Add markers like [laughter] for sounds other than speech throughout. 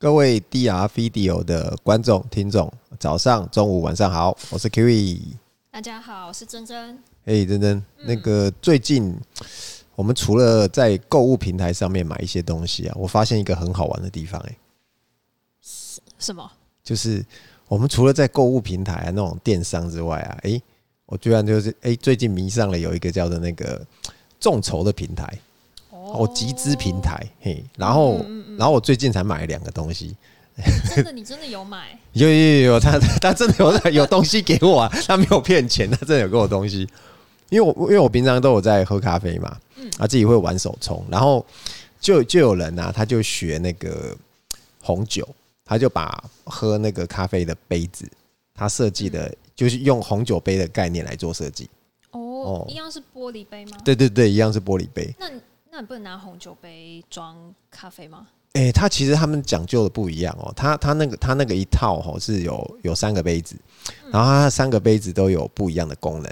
各位 DR Video 的觀眾、聽眾，早上、中午、晚上好，我是 Kiwi。大家好，我是珍珍。誒、欸，珍珍、嗯，那個最近我們除了在購物平台上面買一些東西啊，我發現一個很好玩的地方、欸，誒，什麼？就是我們除了在購物平台、啊、那種電商之外啊，誒、欸，我居然就是誒、欸，最近迷上了有一個叫做那個眾籌的平台。哦，集資平台、哦，嘿，然後、嗯嗯，然後我最近才買了兩個東西。真的， [laughs] 你真的有買？有有有，他他真的有有東西給我、啊，他沒有騙錢，他真的有給我東西。因為我因為我平常都有在喝咖啡嘛，他、啊、自己會玩手沖，然後就就有人吶、啊，他就學那個紅酒，他就把喝那個咖啡的杯子，他設計的，嗯、就是用紅酒杯的概念來做設計哦。哦，一樣是玻璃杯嗎？對對對，一樣是玻璃杯。那。那你不能拿紅酒杯裝咖啡嗎？哎、欸，他其實他們講究的不一樣哦、喔。他它，它那個它那個一套哦、喔，是有有三個杯子，嗯、然後它三個杯子都有不一樣的功能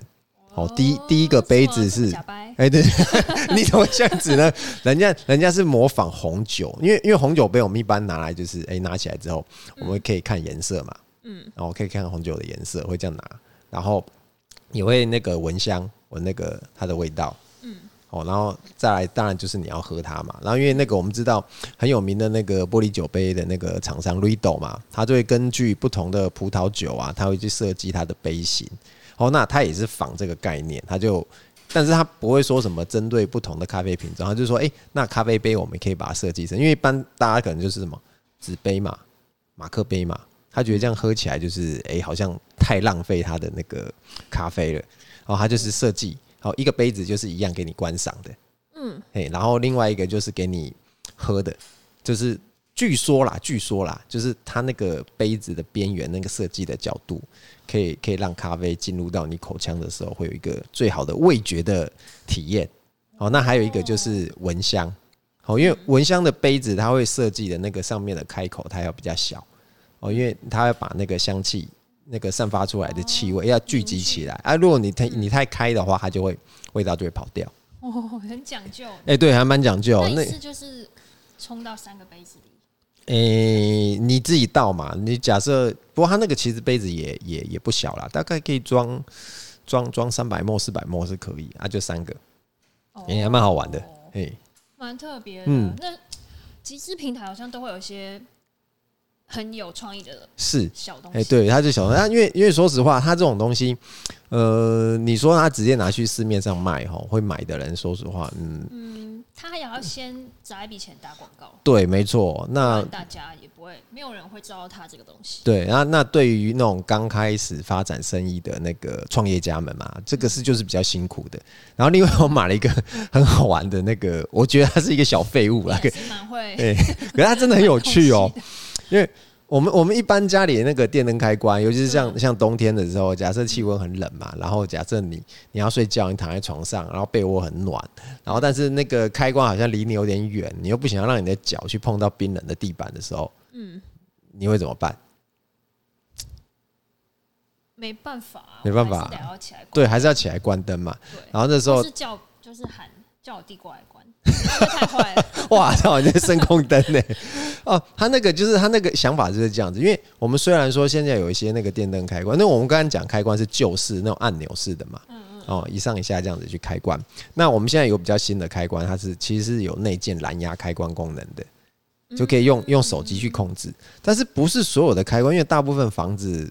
哦、嗯喔。第一第一個杯子是小白，哎、哦欸，對， [laughs] [laughs] 你怎麼會這樣子呢？人家 [laughs] 人家是模仿紅酒，因為因為紅酒杯我們一般拿來就是哎、欸、拿起來之後我們可以看顏色嘛，嗯，然後可以看紅酒的顏色，會這樣拿，然後也會那個聞香，聞那個它的味道。哦，然後再來，當然就是你要喝它嘛。然後因為那個我們知道很有名的那個玻璃酒杯的那個廠商 Riedel 嘛，他就會根據不同的葡萄酒啊，他會去設計它的杯型。哦，那他也是仿這個概念，他就，但是他不會說什麼針對不同的咖啡品種，他就說，誒，那咖啡杯我們可以把它設計成，因為一般大家可能就是什麼紙杯嘛、馬克杯嘛，他覺得這樣喝起來就是，誒，好像太浪費他的那個咖啡了。然後他就是設計。好，一個杯子就是一樣給你觀賞的，嗯，嘿，然後另外一個就是給你喝的，就是據說啦，據說啦，就是它那個杯子的邊緣那個設計的角度，可以可以讓咖啡進入到你口腔的時候，會有一個最好的味覺的體驗。好，那還有一個就是聞香，好，因為聞香的杯子，它會設計的那個上面的開口，它要比較小，哦，因為它要把那個香氣。那個散發出來的氣味要聚集起來啊！如果你太你太開的話，它就會味道就會跑掉哦，很講究。哎，對，還蠻講究。那一次就是沖到三個杯子裡。哎，你自己倒嘛。你假設不過它那個其實杯子也也也不小了，大概可以裝裝裝三百毫四百毫是可以啊，就三個、欸。也還蠻好玩的，哎，蠻特別。嗯，那集資平台好像都會有一些。很有創意的是小東西，哎、欸，對，他就小東西，嗯、因為因為說實話，他這種東西，呃，你說他直接拿去市面上賣，吼，會買的人，說實話，嗯嗯，他也要先砸一筆錢打廣告，對，沒錯。那大家也不會，沒有人會知道他這個東西。對，那那對於那種剛開始發展生意的那個創業家們嘛，這個是就是比較辛苦的。然後另外，我買了一個很好玩的那個，我覺得他是一個小廢物了、欸，可蠻會，可是他真的很有趣哦、喔。因為我們我們一般家裡那個電燈開關，尤其是像像冬天的時候，假設氣溫很冷嘛，然後假設你你要睡覺，你躺在床上，然後被窩很暖，然後但是那個開關好像離你有點遠，你又不想要讓你的腳去碰到冰冷的地板的時候，嗯，你會怎麼辦？沒辦法啊，沒辦法啊，對，還是要起來關燈嘛。然後那時候，是叫，就是喊，叫我弟過來關。 [laughs] 哇，這好像聲控燈呢。哦，他那個就是他那個想法就是這樣子。因為我們雖然說現在有一些那個電燈開關，那我們剛剛講開關是舊式那種按鈕式的嘛，哦，一上一下這樣子去開關。那我們現在有比較新的開關，它是其實是有內建藍牙開關功能的，就可以用用手機去控制。但是不是所有的開關，因為大部分房子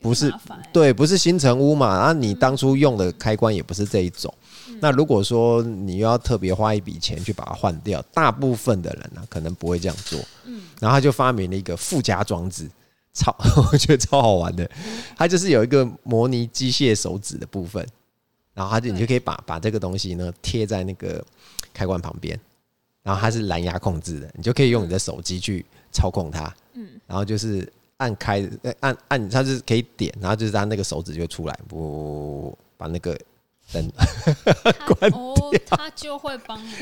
不是很麻煩欸、對，不是新成屋嘛，啊，你當初用的開關也不是這一種。那如果說你又要特別花一筆錢去把它換掉，大部分的人呢、啊、可能不會這樣做。嗯，然後他就發明了一個附加裝置，超 [laughs] 我覺得超好玩的。他就是有一個模擬機械手指的部分，然後他就你就可以把把這個東西呢貼在那個開關旁邊，然後它是藍牙控制的，你就可以用你的手機去操控它。嗯，然後就是按開，呃按按，它就是可以點，然後就是它那個手指就出來，嗚把那個。 [laughs] 哦，他就會幫你。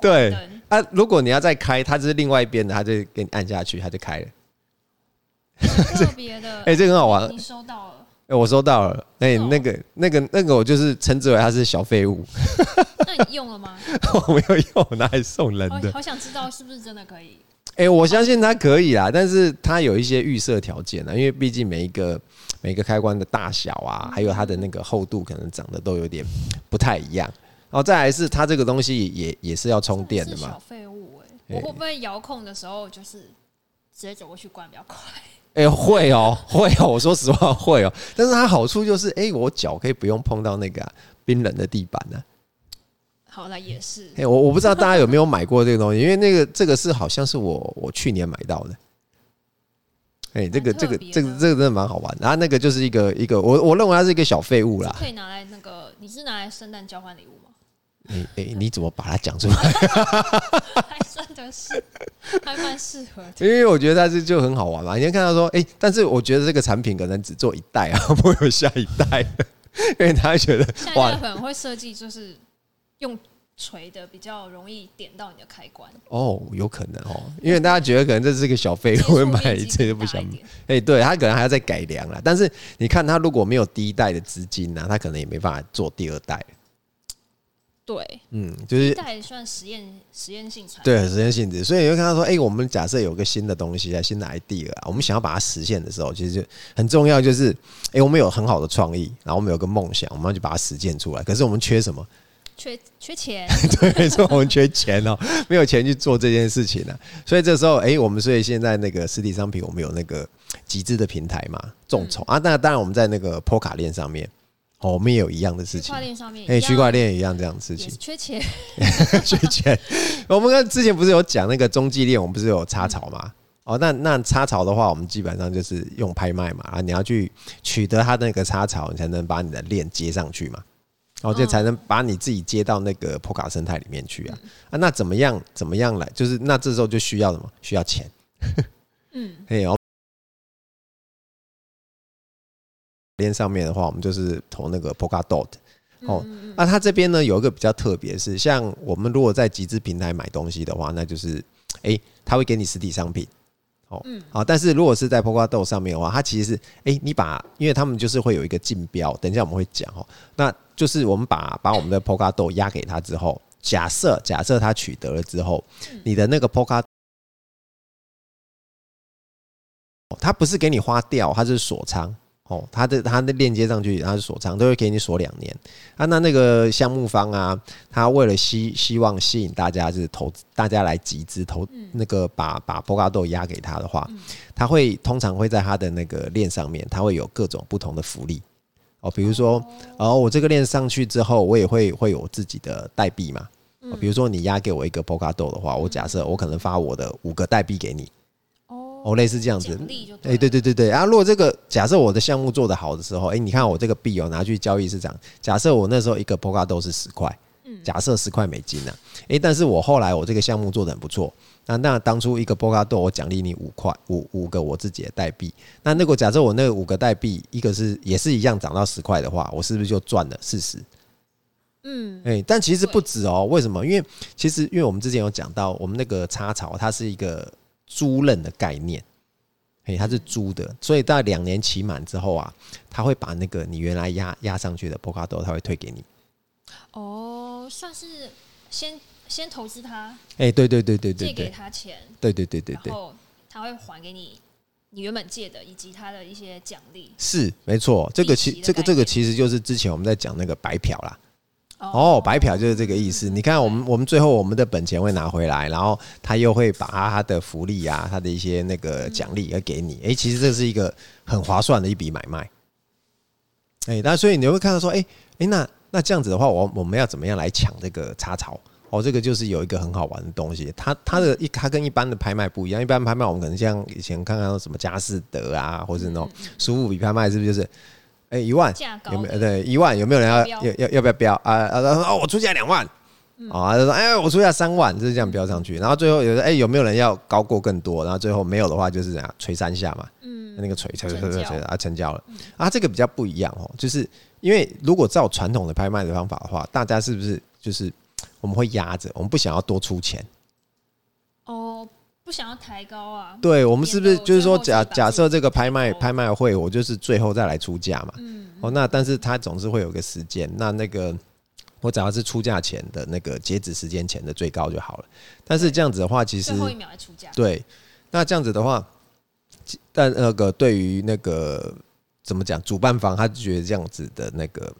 對，啊，如果你要再開，他就是另外一邊的，他就給你按下去，他就開了。有特別的，哎、 [laughs] 欸，這很好玩。你收到了？哎、欸，我收到了。哎、欸，那個，那個，那個，我就是稱之為他是小廢物。 [laughs] 那你用了嗎？ [laughs] 我沒有用，拿來送人的、哦。好想知道是不是真的可以。誒、欸，我相信它可以啦，但是它有一些預設條件呢，因為畢竟每一個每一個開關的大小啊，還有它的那個厚度，可能長得都有點不太一樣。然後再來是它這個東西也也是要充電的嘛。小廢物誒。我會不、喔、會遙控的時候就是直接走過去關比較快。誒，會哦，會哦，我說實話會哦、喔。但是它好處就是，誒，我腳可以不用碰到那個、啊、冰冷的地板呢、啊。好了，也是。哎、欸，我我不知道大家有沒有買過這個東西， [laughs] 因為那個這個是好像是我我去年買到的。哎、欸，這個這個這個這個真的蠻好玩。然後那個就是一個一個，我我認為它是一個小廢物啦，可以拿來那個。你是拿來聖誕交換禮物嗎？哎、欸、哎、欸，你怎麼把它講出來？ [laughs] 還算的是， [laughs] 還蠻適合。因為我覺得它這就很好玩嘛，你先看到說，哎、欸，但是我覺得這個產品可能只做一代啊，不會有下一代 [laughs] 因為他覺得哇，很會設計就是。用錘的比較容易點到你的開關哦，有可能哦，因為大家覺得可能這是個小費，會買機機，一次就不想買。哎、欸，對他可能還要再改良了，但是你看他如果沒有第一代的資金呢、啊，他可能也沒辦法做第二代。對，嗯，就是第一代算實驗實驗性，對實驗性質。所以你會看到說，哎、欸，我們假設有個新的東西啊，新的 idea 啊，我們想要把它實現的時候，其實就很重要就是，哎、欸，我們有很好的創意，然後我們有個夢想，我們要去把它實踐出來。可是我們缺什麼？缺缺錢， [laughs] 對，所以我們缺錢哦、喔，沒有錢去做這件事情呢、啊。所以這時候，哎、欸，我們所以現在那個實體商品，我們有那個集資的平台嘛，眾籌、嗯、啊。那當然，我們在那個波卡鏈上面，哦、喔，我們也有一樣的事情。鏈上面，哎、欸，區塊鏈一樣這樣的事情。缺錢， [laughs] 缺錢。我們跟之前不是有講那個中繼鏈，我們不是有插槽嘛？哦、嗯喔，那那插槽的話，我們基本上就是用拍賣嘛。啊，你要去取得它的那個插槽，你才能把你的鏈接上去嘛。然後就才能把你自己接到那個波卡生態裡面去啊,、嗯、啊那怎麼樣？怎麼樣來？就是那這時候就需要什麼？需要錢。 [laughs] 嗯，哎、hey, oh, 嗯，然後鏈上面的話，我們就是投那個波卡豆的哦。那、嗯嗯嗯啊、它這邊呢有一個比較特別，是像我們如果在集資平台買東西的話，那就是哎、欸，它會給你實體商品。哦，好、嗯啊，但是如果是在波卡豆上面的話，它其實是哎、欸，你把，因為他們就是會有一個競標，等一下我們會講哦。那就是我們把把我們的波卡豆壓給他之後，假設假設他取得了之後，你的那個波卡哦，他不是給你花掉，他是鎖倉哦，他的他的鏈接上去他是鎖倉，都會給你鎖兩年。啊，那那個項目方啊，他為了吸希望吸引大家就是投資，大家來集資投那個把把波卡豆壓給他的，的話，他會通常會在他的那個鏈上面，他會有各種不同的福利。哦，比如說，哦，我這個鏈上去之後，我也會會有自己的代幣嘛。比如說你押給我一個 Polkadot 的話，我假設我可能發我的五個代幣給你。哦，類似這樣子。對。哎，對對對對、啊。如果這個假設我的項目做得好的時候，哎，你看我這個幣哦，拿去交易市場。假設我那時候一個 Polkadot 是十塊，假設十塊美金呢？哎，但是我後來我這個項目做得很不錯。那、啊、那當初一個波卡豆，我獎勵你五塊五五個我自己的代幣。那如果那個假設我那五個代幣，一個是也是一樣漲到十塊的話，我是不是就賺了四十？嗯，哎、欸，但其實不止哦、喔。為什麼？因為其實因為我們之前有講到，我們那個插槽它是一個租賃的概念，哎、欸，它是租的，所以到兩年期滿之後啊，它會把那個你原來壓壓上去的波卡豆，它會退給你。哦，算是先。先投資他，哎，對對對對對，借給他錢，對對對對對，然後他會還給你你原本借的以及他的一些獎勵，是沒錯，這個其這個這個其實就是之前我們在講那個白嫖啦，哦，哦，哦、白嫖就是這個意思、嗯。你看我們我們最後我們的本錢會拿回來，然後他又會把他的福利啊，他的一些那個獎勵要給你，哎，其實這是一個很划算的一筆買賣，哎，那所以你會看到說，哎哎，那那這樣子的話，我我們要怎麼樣來搶這個插槽？哦，這個就是有一個很好玩的東西，它它的一它跟一般的拍賣不一樣，一般拍賣我們可能像以前看看什麼佳士得啊，或者那種蘇富比拍賣，是不是就是哎，欸，一萬有沒有對一萬有沒有人要要要不要標啊？然後，啊，說哦我出價兩萬，啊他說哎、欸、我出價三萬，就是這樣標上去，然後最後有的哎、欸、有沒有人要高過更多，然後最後沒有的話就是怎樣錘三下嘛，嗯那個錘錘錘錘啊成交了啊，成交了啊這個比較不一樣哦，就是因為如果照傳統的拍賣的方法的話，大家是不是就是。我們會壓着我們不想要多出錢哦，oh, 不想要抬高啊。對，我們是不是就是說假，假假設這個拍賣拍賣會，我就是最後再來出價嘛。嗯，哦，那但是它總是會有個時間，那那個我只要是出價前的那個截止時間前的最高就好了。但是這樣子的話，其實最後一秒來出價。對，那這樣子的話，但那個對於那個怎麼講，主辦方他覺得這樣子的那個。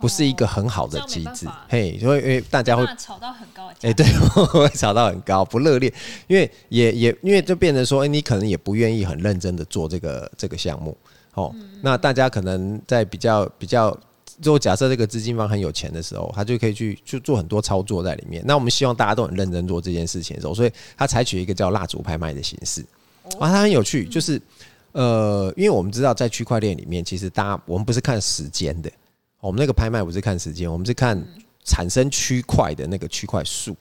不是一個很好的機制，啊，嘿，因為因為大家會炒到很高的，哎、欸，對，會炒到很高，不熱烈，因為也也因為就變成說，哎、欸欸，你可能也不願意很認真的做這個這個項目，哦、嗯，那大家可能在比較比較，就假設這個資金方很有錢的時候，他就可以去去做很多操作在裡面。那我們希望大家都很認真做這件事情的時候，所以他採取一個叫蠟燭拍賣的形式，哦、啊，它很有趣，就是、嗯、呃，因為我們知道在區塊鏈裡面，其實大家我們不是看時間的。哦，我們那個拍賣不是看時間，我們是看產生區塊的那個區塊數。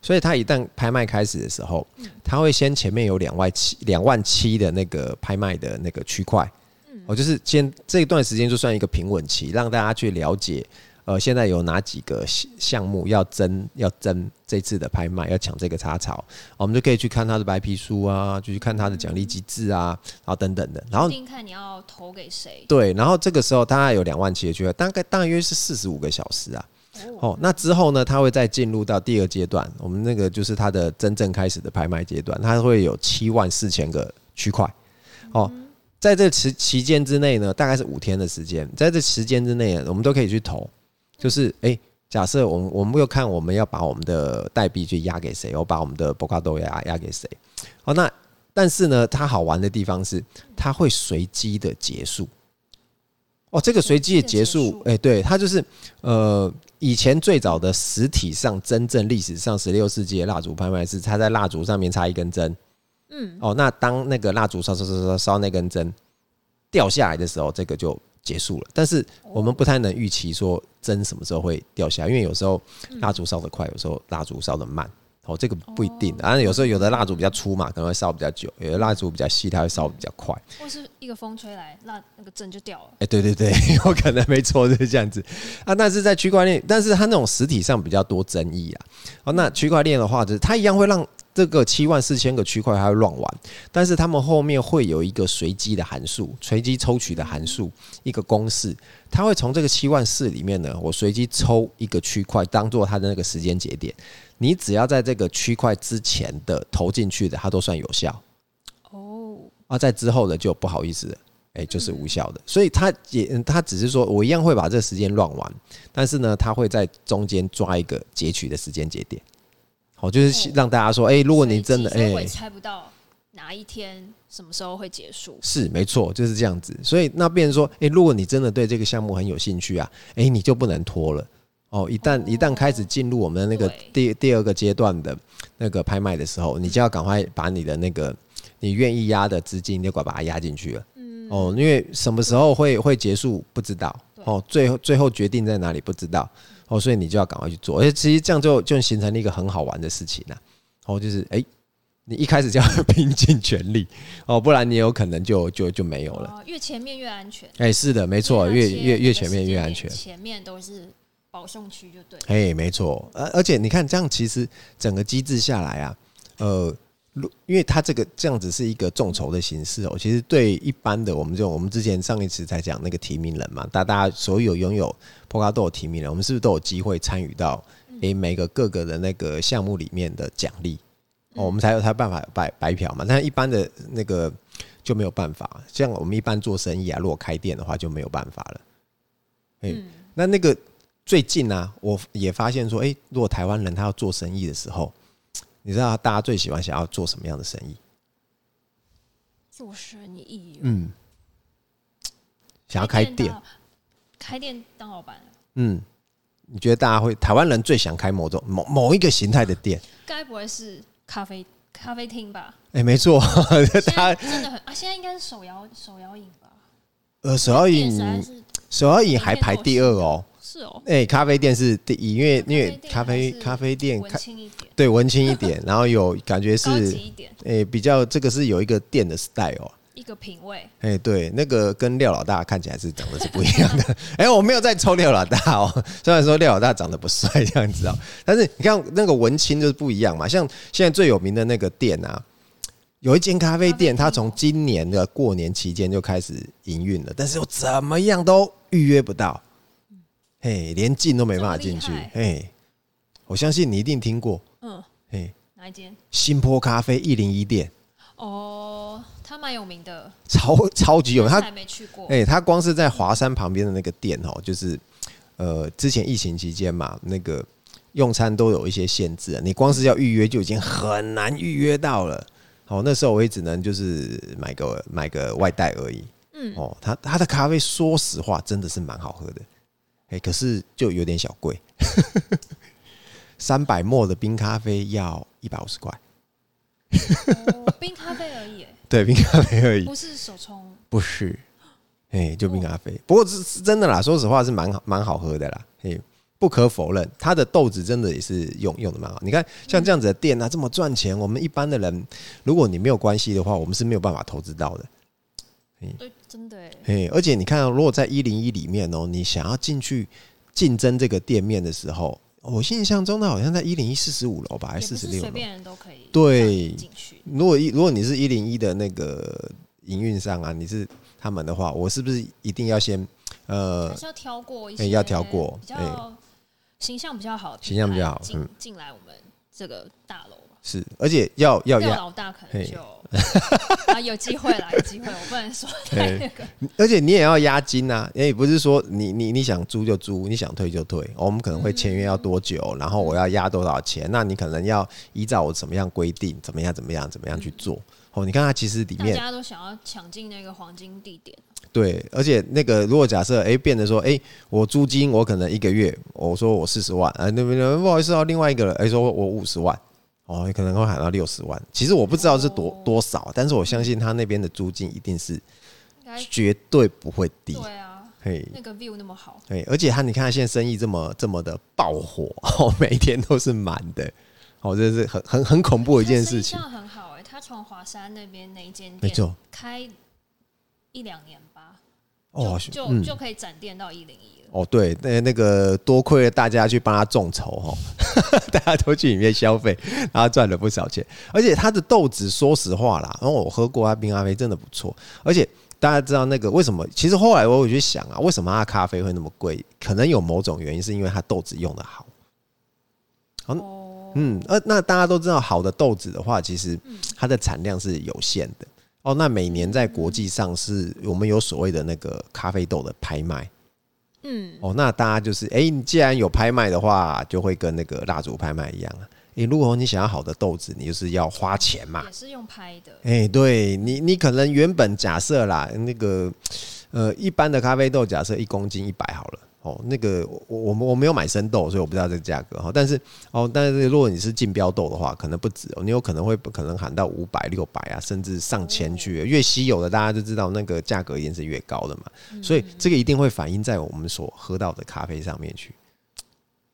所以它一旦拍賣開始的時候，它會先前面有兩萬七、兩萬七的那個拍賣的那個區塊。哦，我就是先這一段時間就算一個平穩期，讓大家去了解。呃，現在有哪幾個項目要爭要爭這次的拍賣，要搶這個插槽，我們就可以去看他的白皮書啊，就，嗯嗯嗯、去看他的獎勵機制啊，然後等等的。然後決定看你要投給誰。對，然後這個時候大概有兩萬七千個區塊，大概大約是四十五個小時啊。哦，那之後呢，它會再進入到第二階段，我們那個就是它的真正開始的拍賣階段，它會有七萬四千個區塊。哦，在這期間之內呢，大概是五天的時間，在這時間之內，我們都可以去投。就是哎、欸，假設我們我們又看我們要把我們的代幣去押給誰，我把我們的波卡 DOT 押押給誰？好、哦，那但是呢，它好玩的地方是它會隨機的結束。哦，這個隨機的結束，哎、欸，對，它就是呃，以前最早的實體上真正歷史上十六世紀的蠟燭拍賣是它在蠟燭上面插一根針，嗯，哦，那當那個蠟燭燒燒燒燒燒那根針掉下來的時候，這個就結束了，但是我們不太能預期說針什麼時候會掉下來，因為有時候蠟燭燒得快，有時候蠟燭燒得慢，哦、嗯嗯，喔、這個不一定的。然後有時候有的蠟燭比較粗嘛，可能會燒比較久；有的蠟燭比較細，它會燒比較快。或是一個風吹來，那那個針就掉了。哎、欸，對對對，有可能，沒錯，就是這樣子啊。但是在區塊鏈，但是它那種實體上比較多爭議啊。哦、喔，那區塊鏈的話，就是它一樣會讓。這個七萬四千個區塊，它會亂玩，但是他們後面會有一個隨機的函數，隨機抽取的函數，一個公式，它會從這個七萬四裡面呢，我隨機抽一個區塊，當做它的那個時間節點。你只要在這個區塊之前的投進去的，它都算有效。哦，啊，在之後的就不好意思了，哎，就是無效的。所以他也他只是說我一樣會把這個時間亂玩，但是呢，他會在中間抓一個截取的時間節點。哦，就是讓大家說，哎，如果你真的，哎，我猜不到哪一天、什麼時候會結束，是沒錯，就是這樣子。所以那變成說，哎，如果你真的對這個項目很有興趣啊，哎，你就不能拖了。哦，一旦一旦開始進入我們的那個第第二個階段的那個拍賣的時候，你就要趕快把你的那個你願意壓的資金，你趕快把它壓進去了。嗯。哦，因為什麼時候會會結束不知道，哦，最後最後決定在哪裡不知道。哦，所以你就要趕快去做，而且其實這樣就就形成了一個很好玩的事情吶。哦，就是哎、欸，你一開始就要拼盡全力，哦，不然你有可能就就就沒有了。越前面越安全，哎，是的，沒錯，越越越前面越安全，前面都是保送區就對。哎，沒錯，而而且你看這樣，其實整個機制下來啊，呃。因為他這個這樣子是一個眾籌的形式哦、喔，其實對一般的我們這種，我們之前上一次才講那個提名人嘛，大大家所有擁有波卡的提名人，我們是不是都有機會參與到誒、欸、每個各個的那個項目裡面的獎勵哦？我們才有他辦法白白嫖嘛，但一般的那個就沒有辦法。像我們一般做生意啊，如果開店的話就沒有辦法了、欸。那那個最近呢、啊，我也發現說，誒，如果台灣人他要做生意的時候。你知道大家最喜歡想要做什麼樣的生意？做生意，嗯，想要開店，開店當老板。嗯，你覺得大家會台灣人最想開某種某某一個形態的店？該不會是咖啡咖啡廳吧？哎、欸，沒、嗯、錯，大家真的很啊，現在應該是手搖手搖飲吧？呃，手搖飲手搖飲還排第二哦、喔。是哦、喔，哎、欸，咖啡店是第一，因為因為咖啡咖啡店，對，文青一點，然後有感覺是，哎，比較這個是有一個店的 style，一個品味，哎，對，那個跟廖老大看起來是長得是不一樣的，哎，我沒有在抽廖老大哦、喔，雖然說廖老大長得不帥這樣子哦、喔，但是你看那個文青就是不一樣嘛，像現在最有名的那個店啊，有一間咖啡店，它從今年的過年期間就開始營運了，但是又怎麼樣都預約不到。嘿、hey,，連進都沒辦法進去。嘿，hey, 我相信你一定聽過。嗯，嘿、hey,，哪一間？興波咖啡一零一店。哦，它蠻有名的。超超級有名，還沒去過。哎，它、hey, 光是在華山旁邊的那個店哦、嗯，就是呃，之前疫情期間嘛，那個用餐都有一些限制，你光是要預約就已經很難預約到了。好、哦，那時候我也只能就是買個買個外帶而已。嗯，哦，它它的咖啡，說實話，真的是蠻好喝的。哎、欸，可是就有點小貴，三百 ml 的冰咖啡要一百五十塊，冰咖啡而已。對，冰咖啡而已，不是手沖，不是。哎、欸，就冰咖啡、哦。不過是真的啦，說實話是蠻好，蠻好喝的啦。哎、欸，不可否認，它的豆子真的也是用用的蠻好。你看，像這樣子的店啊，這麼賺錢，我們一般的人，如果你沒有關係的話，我們是沒有辦法投資到的。對，真的哎、欸！而且你看、喔，如果在一零一裡面哦、喔，你想要進去競爭這個店面的時候，我、喔、印象中的好像在一零一四十五樓吧，還46是四十六樓，對，如果一如果你是一零一的那個營運商啊，你是他們的話，我是不是一定要先呃，要挑過一些，要挑過比較形象比較好，形象比較好，嗯。進來我們。這個大樓是，而且要要要老大可能就啊有機會了，有機會， [laughs] 我不能說太那個。而且你也要押金啊，因為不是說你你你想租就租，你想退就退。Oh, 我們可能會簽約要多久，嗯，然後我要押多少錢？那你可能要依照我怎麼樣規定，怎麼樣怎麼樣怎麼樣去做。哦，你看它其實裡面大家都想要搶進那個黃金地點。對，而且那個如果假設哎、欸、變得說哎、欸，我租金我可能一個月，我說我四十萬啊，那邊不好意思啊、喔，另外一個人哎、欸、說我五十萬哦、喔，可能會喊到六十萬。其實我不知道是多、哦、多少，但是我相信他那邊的租金一定是絕對不會低。對啊，嘿、欸，那個 view 那麼好。對、欸，而且他你看他現在生意這麼這麼的爆火，哦、喔，每天都是滿的，哦、喔，這是很很很恐怖一件事情。欸、很好哎、欸，他從華山那邊那間店沒錯開。一兩年吧，哦，就就可以展店到一零一了哦、嗯。哦，對，那那個多虧了大家去幫他眾籌哦， [laughs] 大家都去裡面消費，然後賺了不少錢。而且他的豆子，說實話啦，然後我喝過他冰咖啡，真的不錯。而且大家知道那個為什麼？其實後來我有去想啊，為什麼他咖啡會那麼貴？可能有某種原因，是因為他豆子用的好、哦。嗯，呃，那大家都知道，好的豆子的話，其實它的產量是有限的。哦，那每年在國際上是我們有所謂的那個咖啡豆的拍賣，嗯，哦，那大家就是，哎、欸，你既然有拍賣的話，就會跟那個蠟燭拍賣一樣啊。你、欸、如果你想要好的豆子，你就是要花錢嘛，也是用拍的。哎、欸，對你，你可能原本假設啦，那個呃，一般的咖啡豆假設一公斤一百好了。哦，那個我我我沒有買生豆，所以我不知道這個價格哈。但是哦，但是如果你是競標豆的話，可能不止，你有可能會可能喊到五百、六百啊，甚至上千去。哦、越稀有的大家就知道，那個價格一定是越高的嘛。所以這個一定會反映在我們所喝到的咖啡上面去。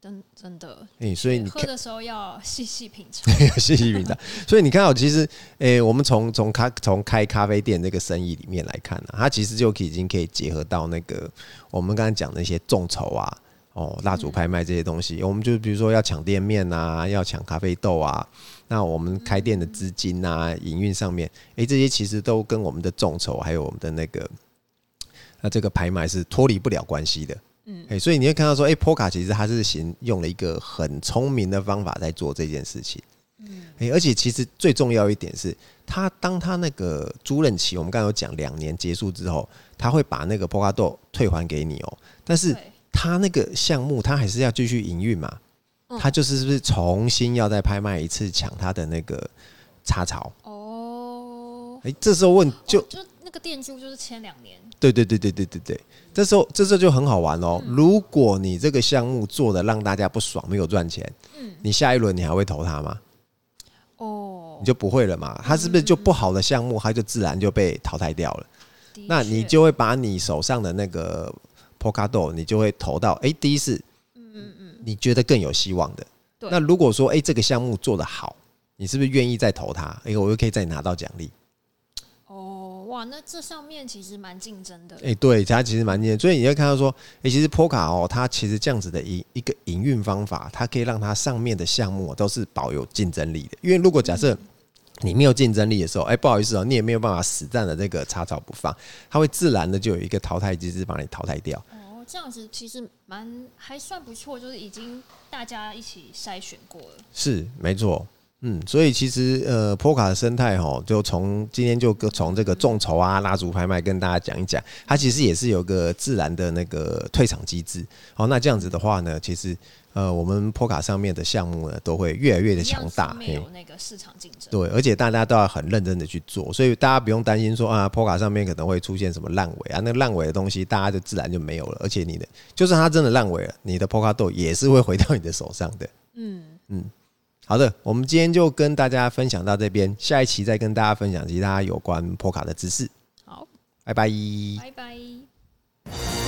真真的，哎、欸，所以你喝的時候要細細品嘗，細細品嘗。 [laughs] 所以你看到，其實，哎、欸，我們從從咖從開咖啡店這個生意裡面來看呢、啊，它其實就已經可以結合到那個我們剛才講的一些眾籌啊，哦、喔，蠟燭拍賣這些東西、嗯。我們就比如說要搶店面啊，要搶咖啡豆啊，那我們開店的資金啊，營、嗯、運上面，哎、欸，這些其實都跟我們的眾籌還有我們的那個，那這個拍賣是脫離不了關係的。哎、嗯欸，所以你會看到說，哎、欸，波卡其實他是行用了一個很聰明的方法在做這件事情，哎、嗯欸，而且其實最重要一點是，他當他那個租賃期，我們剛剛有講兩年結束之後，他會把那個波卡豆退還給你哦、喔，但是他那個項目他還是要繼續營運嘛、嗯，他就是是，不是重新要再拍賣一次搶他的那個插槽哦，哎、欸，這時候問就。那個店租就是簽兩年，對對對對對對對，對，這時候這時候就很好玩哦、喔。如果你這個項目做得讓大家不爽，沒有賺錢，嗯，你下一輪你還會投他嗎？哦，你就不會了嘛？他是不是就不好的項目，他就自然就被淘汰掉了？那你就會把你手上的那個 Polkadot，你就會投到哎、欸，第一次，嗯嗯嗯，你覺得更有希望的。那如果說哎、欸、這個項目做得好，你是不是願意再投他？哎，我又可以再拿到獎勵。哇，那這上面其實蠻競爭的。哎、欸，對，其實蠻競爭的，所以你會看到說，哎、欸，其實波卡哦、喔，它其實這樣子的一一個營運方法，它可以讓它上面的項目都是保有競爭力的。因為如果假設你沒有競爭力的時候，哎、嗯欸，不好意思哦、喔，你也沒有辦法死戰的這個插槽不放，它會自然的就有一個淘汰機制，把你淘汰掉。哦，這樣子其實蠻還算不錯，就是已經大家一起篩選過了。是，沒錯。嗯，所以其實呃，波卡的生態哈、喔，就從今天就從這個眾籌啊、蠟、嗯、燭拍賣跟大家講一講，它其實也是有個自然的那個退場機制。好，那這樣子的話呢，其實呃，我們波卡上面的項目呢，都會越來越的強大，沒有那個市場競爭、嗯。對，而且大家都要很認真的去做，所以大家不用擔心說啊，波卡上面可能會出現什麼爛尾啊，那爛尾的東西大家就自然就沒有了。而且你的，就算它真的爛尾了，你的波卡豆也是會回到你的手上的。嗯嗯。好的，我們今天就跟大家分享到這邊，下一期再跟大家分享其他有關波卡的知識。好，拜拜，拜拜。